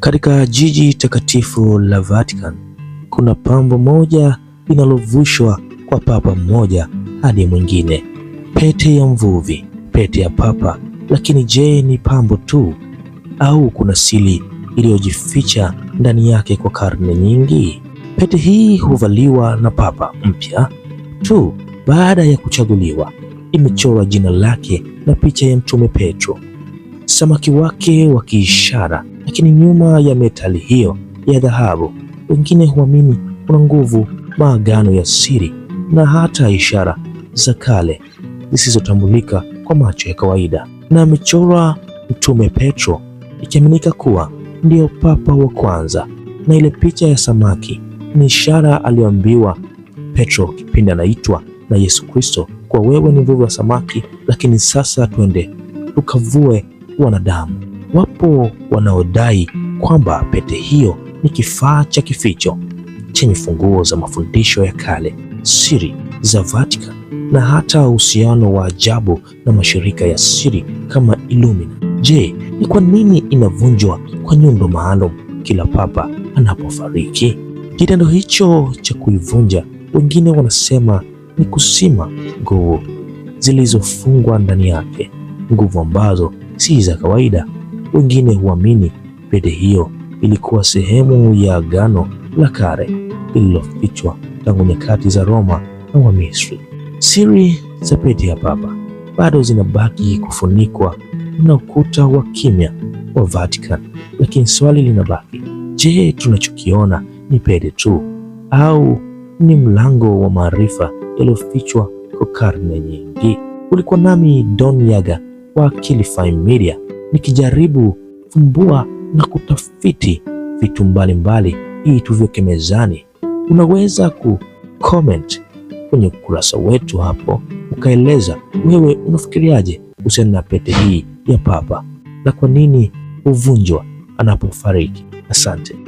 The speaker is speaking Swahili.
Katika jiji takatifu la Vatican kuna pambo moja linalovushwa kwa papa mmoja hadi mwingine, pete ya mvuvi, pete ya papa. Lakini je, ni pambo tu au kuna siri iliyojificha ndani yake kwa karne nyingi? Pete hii huvaliwa na papa mpya tu baada ya kuchaguliwa, imechorwa jina lake na picha ya Mtume Petro, samaki wake wa kiishara lakini nyuma ya metali hiyo ya dhahabu, wengine huamini kuna nguvu, maagano ya siri na hata ishara za kale zisizotambulika kwa macho ya kawaida. Na amechora Mtume Petro ikiaminika kuwa ndiyo papa wa kwanza, na ile picha ya samaki ni ishara aliyoambiwa Petro kipindi anaitwa na Yesu Kristo, kwa wewe ni mvuvi wa samaki, lakini sasa twende tukavue wanadamu. Wapo wanaodai kwamba pete hiyo ni kifaa cha kificho chenye funguo za mafundisho ya kale, siri za Vatican na hata uhusiano wa ajabu na mashirika ya siri kama Illumina. Je, ni kwa nini inavunjwa kwa nyundo maalum kila papa anapofariki? Kitendo hicho cha kuivunja, wengine wanasema ni kusima nguvu zilizofungwa ndani yake, nguvu ambazo si za kawaida wengine huamini pete hiyo ilikuwa sehemu ya agano la kale lililofichwa tangu nyakati za Roma na Wamisri. Siri za pete ya Papa bado zinabaki kufunikwa na ukuta wa kimya wa Vatican, lakini swali linabaki: je, tunachokiona ni pete tu au ni mlango wa maarifa yaliyofichwa kwa karne nyingi? Ulikuwa nami Don Yaga wa Akilify Media nikijaribu kufumbua na kutafiti vitu mbalimbali ili tuviweke mezani. Unaweza ku comment kwenye ukurasa wetu hapo, ukaeleza wewe unafikiriaje kuhusiana na pete hii ya papa na kwa nini huvunjwa anapofariki. Asante.